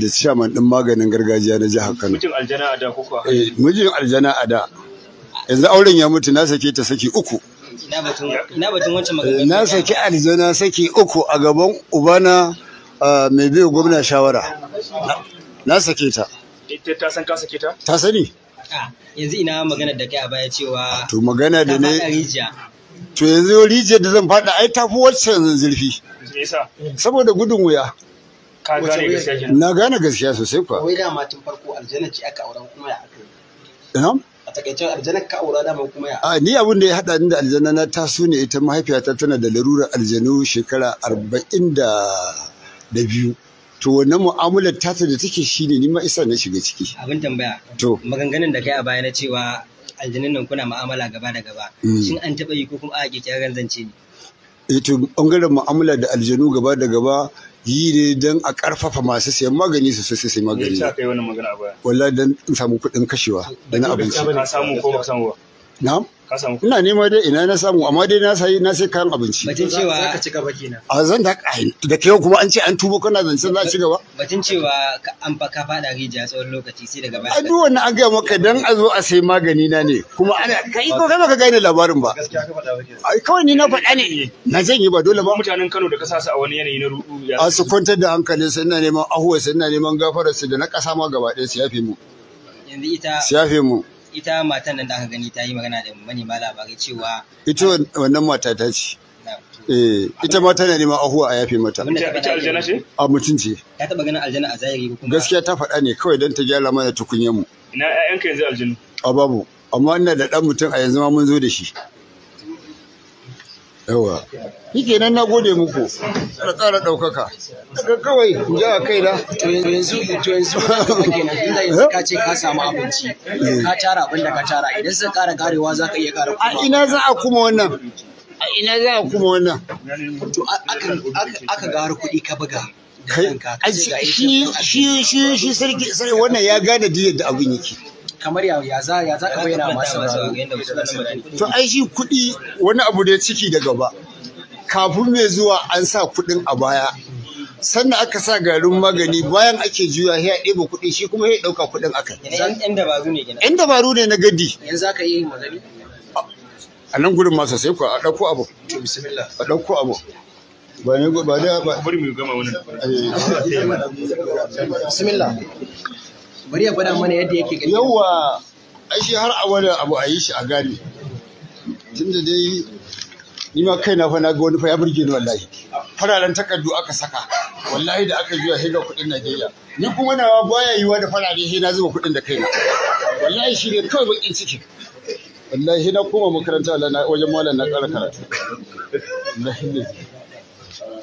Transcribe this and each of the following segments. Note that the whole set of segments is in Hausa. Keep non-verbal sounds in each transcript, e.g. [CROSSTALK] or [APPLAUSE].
da shaman ɗin maganin gargajiya na jihar Kano. Mijin aljana a da kuka? Eh, mijin aljana a da. Yanzu auren ya mutu na sake ta saki uku. Eh, na batun wancan Na saki aljana saki uku a gaban ubana mai biyu gwamna shawara. Na sake ta. Ta san ka sake ta? Ta sani. Yanzu ina magana da kai a baya cewa. To magana da ne. To yanzu rijiyar da zan faɗa ai tafi wacce yanzu zurfi. Saboda gudun wuya. ka gane gaskiya na gane gaskiya sosai kuwa wai da matan farko aljanna ce aka aura kuma ya aka yi a takaicin aljanna ka aura da kuma ya a ni abin da ya hada ni da aljanna na taso ne ita mahaifiyata tana da larurar aljanu shekara arba'in da biyu to wannan mu'amalar tata da take shi ne ni ma isa na shiga ciki abin tambaya to maganganun da kai a baya na cewa aljanun nan kuna mu'amala gaba da gaba mm. shin an taɓa yi ko kuma a kike ganzance ne eh to ɓangaren mu'amala da aljanu gaba da gaba yi ne don a karfafa masu sayan magani su sai sai magani wallahi dan in samu kuɗin kashewa da na abinci na ina nema dai ina na samu amma dai na sai na sai kayan abinci batun cewa za ka ci gaba kenan a zan da da kai kuma an ce an tubo kana zancen za ci gaba batun cewa an fa ka fada rijiya tsawon lokaci sai daga baya a duk wannan an ga maka dan a zo a sai magani na ne kuma ana kai ko kai maka gane labarin ba Ai kawai ni na faɗa ne eh, eh, eh. na zan yi ba dole ba mutanen Kano da ka sa su a wani yanayi na ruɗu ya su kwantar da hankalin su ina neman ahuwa su ina neman gafararsu, da na ƙasa ma gaba ɗaya su yafe mu yanzu ita su yafe mu ita matan nan da aka gani ta yi magana da manema labarai cewa ita wannan mata ta ce eh ita ma tana neman ahuwa a yafe mata ita aljana ce a mutum ce ta taba ganin aljana a zahiri ko kuma gaskiya ta faɗa ne kawai dan ta gyara mana tukunyen mu ina ƴaƴanka yanzu aljanu a babu amma ina da dan mutum a yanzu ma mun zo da shi yawa yake nan na gode muku da ƙara ɗaukaka daga kawai ja a na. to yanzu to yanzu kenan inda yanzu ka ce ka samu abinci eh. ka tara abin da ka tara idan sun ƙara karewa za ka iya ƙara kuma a ina za a kuma wannan a ina za a kuma wannan to aka gara kuɗi ka buga shi shi shi shi sarki wannan ya gane diyar da abin yake kamar ya za ya za ka bayyana masu to ai shi kuɗi wani abu da ciki da gaba kafin mai zuwa an sa kuɗin a baya sannan aka sa garin magani bayan ake juya ya ɗeba kuɗi shi kuma ya ɗauka kuɗin akai. Yan dabaru ne gina. Yan dabaru ne na gadi. Yanzu aka yi magani? A nan gudun masa sai ku a ɗauko abu. Bismillah. A ɗauko abu. Ba ne ba da ba. Bari mu gama wannan. Eh. Bismillah. bari ya gwada mana yadda yake gani yawa ai shi har a wani abu a yi shi a gane tunda dai ni ma kaina fa na ga wani fa ya burge ni wallahi fararen takardu aka saka wallahi da aka juya hega kuɗin Najeriya ni kuma nawa baya yiwa da farare he na zuba kuɗin da kaina wallahi shi ne kawai bakin ciki wallahi na koma makaranta wajen malam na ƙara karatu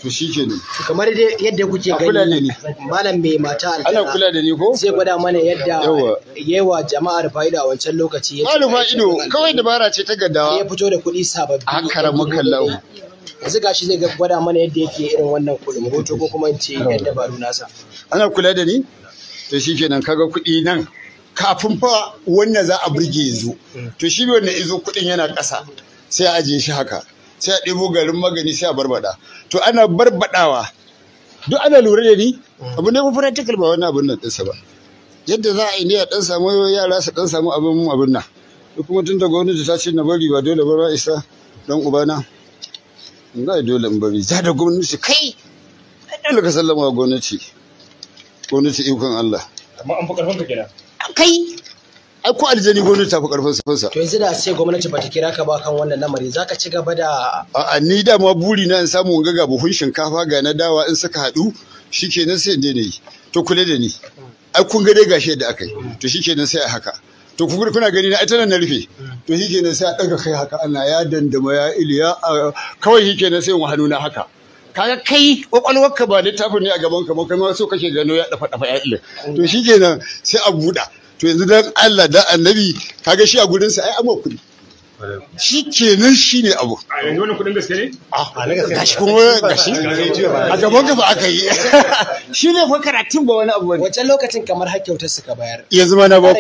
to shikenan kamar yadda kuke gani malam mai mata aljanna ana kula da ni ko zai gwada mana yadda yawa jama'ar fa'ida a wancan lokaci malu fa'ido kawai dabara ce ta gaddawa ya fito da kuɗi sababbi an karamu kallahu yanzu gashi zai gwada mana yadda yake irin wannan kuɗin hoto ko kuma in ce yan dabaru nasa ana kula da ni to shi shikenan kaga kuɗi nan kafin fa wannan za a burge yanzu hmm. to shi wanda izo kuɗin yana ƙasa sai a ajiye shi haka sai a ɗebo garin magani sai a barbaɗa to ana barbaɗawa duk ana lura da ni abu ne mun practical ba wani abin nan ɗinsa ba yadda za a yi ne a ɗan samu yara su ɗan samu abin abin nan duk kuma tun da gwamnati ta ce na bari ba dole ba ba isa ubana na yi dole in bari za da gwamnati kai ai dole ka sallama wa gwamnati gwamnati ikon Allah amma an fi ƙarfin ka kenan kai ai ko aljani gwamnati ta fi karfin sa to yanzu da sai gwamnati ba ta kira ka ba kan wannan lamari zaka ci gaba da a ni da ma buri na in samu in ga buhun shinkafa ga na dawa in suka haɗu shikenan sai in ne yi to kula da ni ai kun ga dai gashi yadda aka yi to shikenan sai a haka to kun kuna gani na ita nan na rufe to shikenan sai a daga kai haka ana ya dandama ya iliya kawai shikenan sai in hannu na haka kaga kai kwakwalwarka ba littafin ne a gaban ka ba kai ma so kake gano ya dafa dafa ya iliya to shikenan sai a buɗa to yanzu don Allah da annabi kaga shi a gurin ai amma kuɗi shi kenan shi ne abu a gashi kuma gashi a gaban gaba aka yi [LAUGHS] shi ne fa karatun ba wani abu ne. Wacce lokacin kamar har suka bayar Ya ma na ba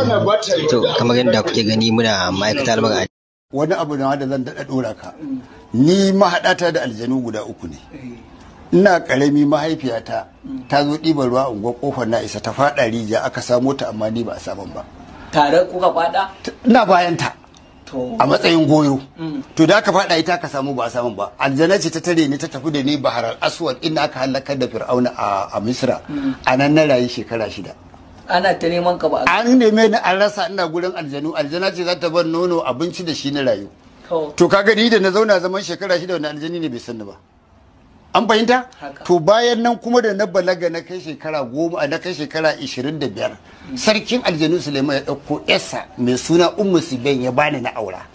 ku to kamar yadda kuke gani muna ma'aikatar magana wani abu da zan daɗa ɗora ka ni mahaɗata da aljanu guda uku ne ina karami mahaifiyata ta zo ɗiban ruwa a unguwar kofar na isa ta faɗa rijiya aka samo ta amma ni ba a saman ba tare kuka faɗa ina bayan ta a matsayin goyo mm. to da aka faɗa ita aka samu ba a saman ba aljana ce ta tare ni ta tafi da ni bahar al-aswad ina aka halakar da fir'auna a misra mm. a nan na rayu shekara shida ana ta neman ka ba an neme ni an rasa ina gurin aljanu aljana ce za ta bar nono abinci da shi na rayu to kaga ni da na zauna zaman shekara shida wani aljani ne bai sanni ba an fahimta to bayan nan kuma da na balaga na kai shekara goma na kai shekara ishirin da biyar sarkin aljanu suleiman ya ɗauko yasa mai suna ummu siben ya bani na aura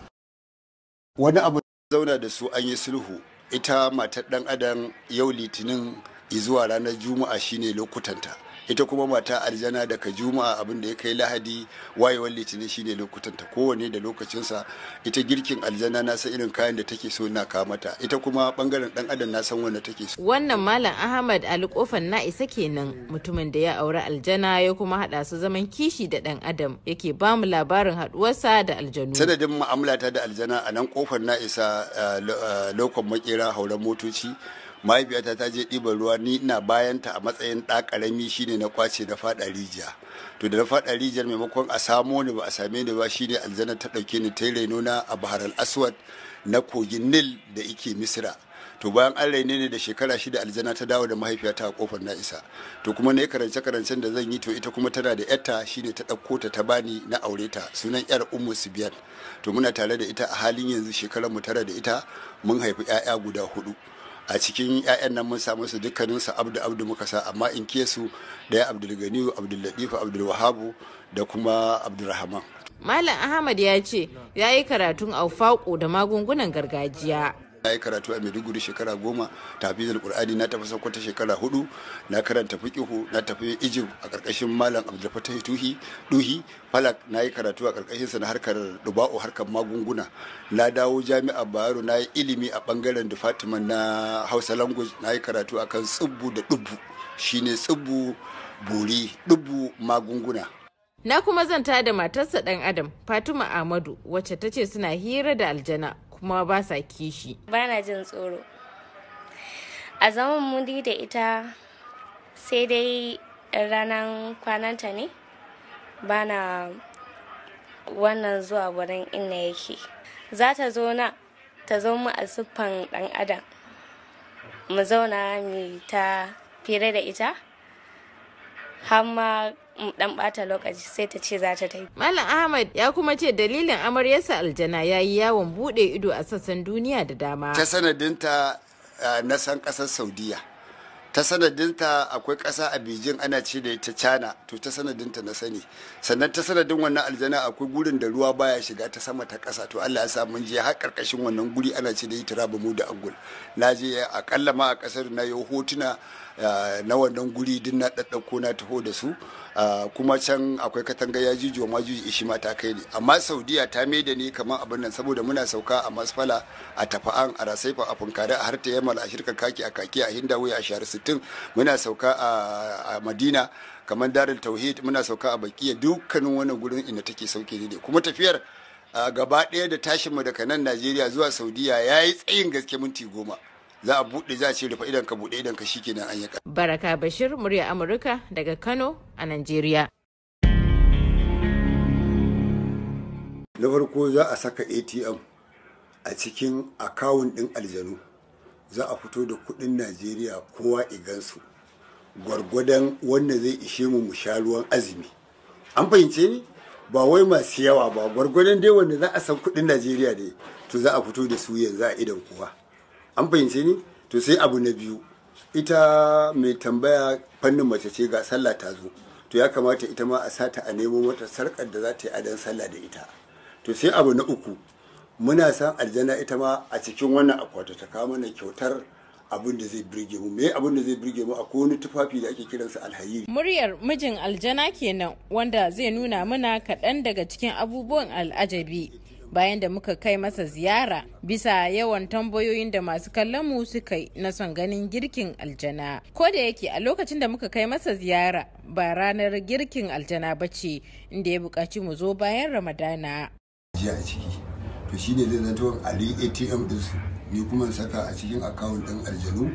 wani abu zauna da su an yi sulhu ita matar dan adam yau litinin zuwa ranar juma'a shine lokutanta ita kuma mata aljana daga juma'a abin da ya kai lahadi wayewar litinin shine lokutan ta kowane da lokacinsa ita girkin aljana na san irin kayan da take so na kawo mata ita kuma bangaren dan adam na san wanda take so wannan malam ahmad ali kofan na isa kenan mutumin da ya auri aljana ya kuma hada su zaman kishi da dan adam yake ba mu labarin haduwarsa da aljanu sanadin mu'amala da aljana a nan kofar na isa eh, eh, lokon makera hauren motoci mahaifiyata ta je ɗiban ruwa ni ina bayanta a matsayin ɗa ƙarami shine na kwace na faɗa rijiya to da na faɗa rijiyar maimakon a samo ni ba a same ni ba shine aljanna ta ɗauke ni ta raino na a bahar al-aswad na kogin nil da ike misira to bayan an raine ne da shekara shida aljanna ta dawo da mahaifiyata a kofar na isa to kuma na yi karance karancen da zan yi to ita kuma tana da yarta shine ta ɗauko ta ta bani na aure ta sunan yar ummu sibiyan to muna tare da ita a halin yanzu shekarar mu tara da ita mun haifi 'ya'ya guda hudu a cikin 'ya'yan nan mun samu su dukkaninsu abdu abdu muka sa amma in ke su ya abdul ganiyu abdul latifu abdul wahabu da kuma abdul rahman. malam ahmad ya ce ya yi karatun aufaƙo da magungunan gargajiya na yi karatu a maiduguri shekara goma tafizul qur'ani na tafi sokoto shekara hudu na karanta fikihu na tafi egypt a karkashin malam abdulfatah tuhi duhi falak na yi karatu a karkashin sa na harkar duba'u harkar magunguna na dawo jami'a bayero na yi ilimi a bangaren fatima na hausa language na yi karatu akan tsubbu da dubbu shine tsubbu buri dubbu magunguna na kuma zanta da matarsa ɗan adam fatima ahmadu wacce ta ce suna hira da aljana kuma ba sa kishi ba na jin tsoro a zaman mudi da ita sai dai ranar kwananta ne ba na wannan zuwa wurin inna yake za ta zo na ta zo mu a siffan dan adam mu zauna mu ta fira da ita har in dan bata lokaci sai ta ce za ta tafi. Malam Ahmad ya kuma ce dalilin amaryarsa aljana ya yi yawon bude ido a sassan duniya da dama. Ta sanadinta na san kasar Saudiya. Ta sanadinta akwai ƙasa a Beijing ana ce da ita China to ta sanadinta na sani. Sannan ta sanadin wannan aljana akwai gurin da ruwa baya shiga ta sama ta kasa to Allah ya sa mun je har karkashin wannan guri ana ce da ita Rabamu da Angul. Na je akalla ma a kasar na yau hotuna Eh, na wannan guri din na ɗaɗɗauko na taho da su eh, kuma can akwai katanga ya juji ma majuji ishi ma ta kai ne amma saudiya ta mai da ni kamar abin nan saboda muna sauka a masfala a tafa'an a rasaifa a funkare a harta yamal a shirka kaki a kaki a hindawe a shahar sittin muna sauka a madina kamar darul tauhid muna sauka a bakiya dukkanin wannan gurin inda take sauke ne kuma tafiyar eh, gaba ɗaya da tashinmu daga nan najeriya zuwa saudiya ya yi tsayin gaske minti goma za a buɗe za a ce rufe idan ka buɗe idan ka shikenan an yi baraka bashir murya amurka daga kano a najeriya na farko za a saka atm a cikin akawun ɗin aljanu za a fito da kuɗin najeriya kowa igansu gwargwadon wanda zai ishe mu mu sha ruwan azumi an fahimce ni ba wai masu yawa ba gwargwadon dai wanda za a san kuɗin najeriya ne to za a fito da su yanzu a idan kowa an fahimce ni to sai abu na biyu ita mai tambaya fannin mace ce ga sallah ta zo to ya kamata ita ma a sata a nemo mata sarkar da za ta yi adon sallah da ita to sai abu na uku muna san aljanna ita ma a cikin wannan akwatattaka ta kawo mana kyautar abin da zai birge mu me abin da zai birge mu akwai wani tufafi da ake kiransa alhayiri muryar mijin aljana kenan wanda zai nuna muna kaɗan daga cikin abubuwan al'ajabi bayan da muka kai masa ziyara bisa yawan tambayoyin da masu kallon mu suka yi na son ganin girkin aljana ko da yake a lokacin da muka kai masa ziyara ba ranar girkin aljana ba ce inda ya buƙaci mu zo bayan ramadana jiya a ciki to shi ne zai zato ali atm din su ni kuma saka a cikin akawun ɗin aljanu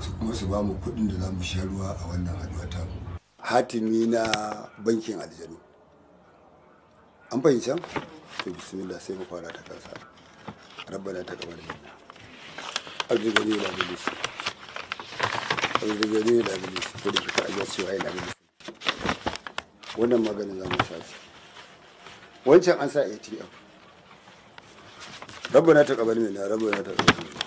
su kuma su ba mu kuɗin da za mu sha ruwa a wannan haɗuwa ta hatimi na bankin aljanu an fahimci? to bismillah sai mu fara ta kansa rabbana ta taqabbal minna arzigani ila bilis arzigani ila bilis ko da fita ajiyar cewa yi labin bilis wannan maganin zama sa shi wancan an sa ATM rabbana ta taqabbal minna rabbana ta taqabbal minna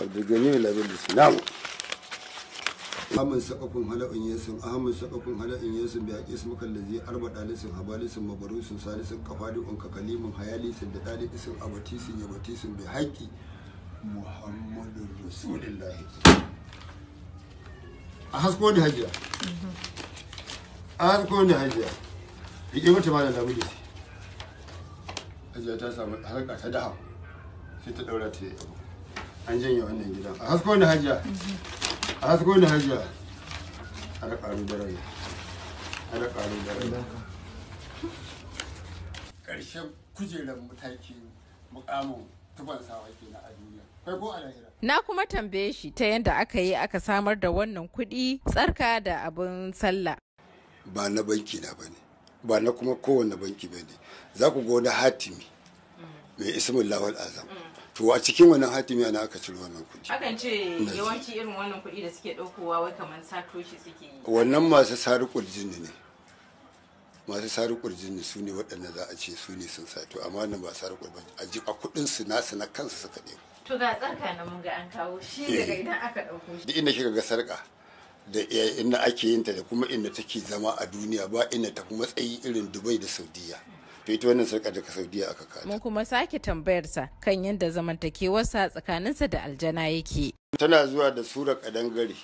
arzigani ila bilis na'am Ahmad sakakun hala'in yesin Ahmad sakakun hala'in yesin bi aqis mukan lazi arba dalisin habalisin mabarusin salisin kafali'un kakalimin hayalisin da dalisin abatisin yabatisin bi haƙi muhammadun rasulillahi a hasko ne hajiya a hasko ne hajiya riƙe mata ma da damu da hajiya ta samu harka ta da'a sai ta ɗaura ta yi an janye wannan gidan a hasko ne hajiya a su gona hajiya a da ƙaru da rai a da da rai ƙarshen kujerar matakin mukamin tuban ke na a duniya kai ko a lahira Na kuma tambaye shi ta yadda aka yi aka samar da wannan kuɗi tsarka da abin sallah. Ba na banki na ba ne, ba na kuma kowane banki ba ne. Za ku ga wani hatimi mm. mai ismin lawal azam. Mm. to a cikin wannan hatimi ana aka ciro wannan kuɗi akan ce yawanci irin wannan kuɗi da suke ɗaukowa wai kamar satoshi suke yi wannan masu sarukul jini ne masu sarukul jini su ne waɗanda za a ce su ne sun sato amma wannan ba sarukul ba a ji a kuɗin su nasu na kansu suka ɗe. to ga tsarka na mun ga an kawo shi daga eh. idan aka ɗauko shi duk inda kika ga sarka da eh, inda ake yin ta da kuma inda take zama a duniya ba inda ta kuma tsayi irin Dubai da Saudiya to ita wannan sarka daga saudiya aka kata mun kuma sake tambayarsa kan yadda zamantakewarsa tsakaninsa da aljana yake tana zuwa da sura kadangare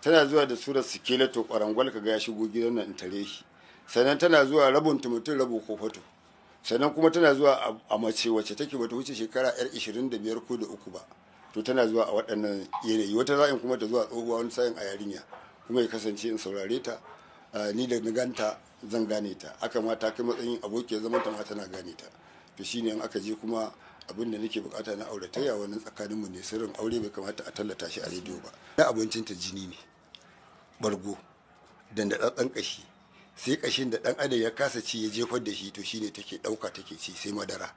tana zuwa da surar sikeleto kwarangwal ga ya shigo gidan nan tare shi sannan tana zuwa rabun mutum rabo ko sannan kuma tana zuwa a mace wacce take bata wuce shekara yar 25 ko da uku ba to tana zuwa a waɗannan yanayi wata za'in kuma ta zuwa tsohuwa wani sa'in a yarinya kuma ya kasance in saurare ta ah, ni da ni ganta zan gane ta aka ma ta kai matsayin abokiyar zaman ta ma tana gane ta to shine in aka je kuma abin da nake bukata na auratayya nan tsakanin mu ne sirrin aure bai kamata a tallata shi a rediyo ba na abincin ta jini ne bargo dandatsatsen kashi sai kashin da dan adam ya kasa ci ya jefar da shi to shine take dauka take ci sai madara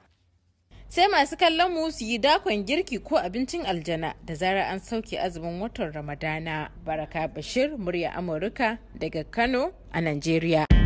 sai masu kallon mu su yi dakon girki ko abincin aljana da zarar an sauke azumin watan ramadana baraka bashir murya amurka daga kano a nigeria.